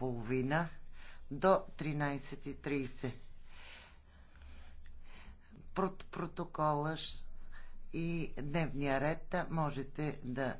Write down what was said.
половина до 13.30. Протокола и дневния ред можете да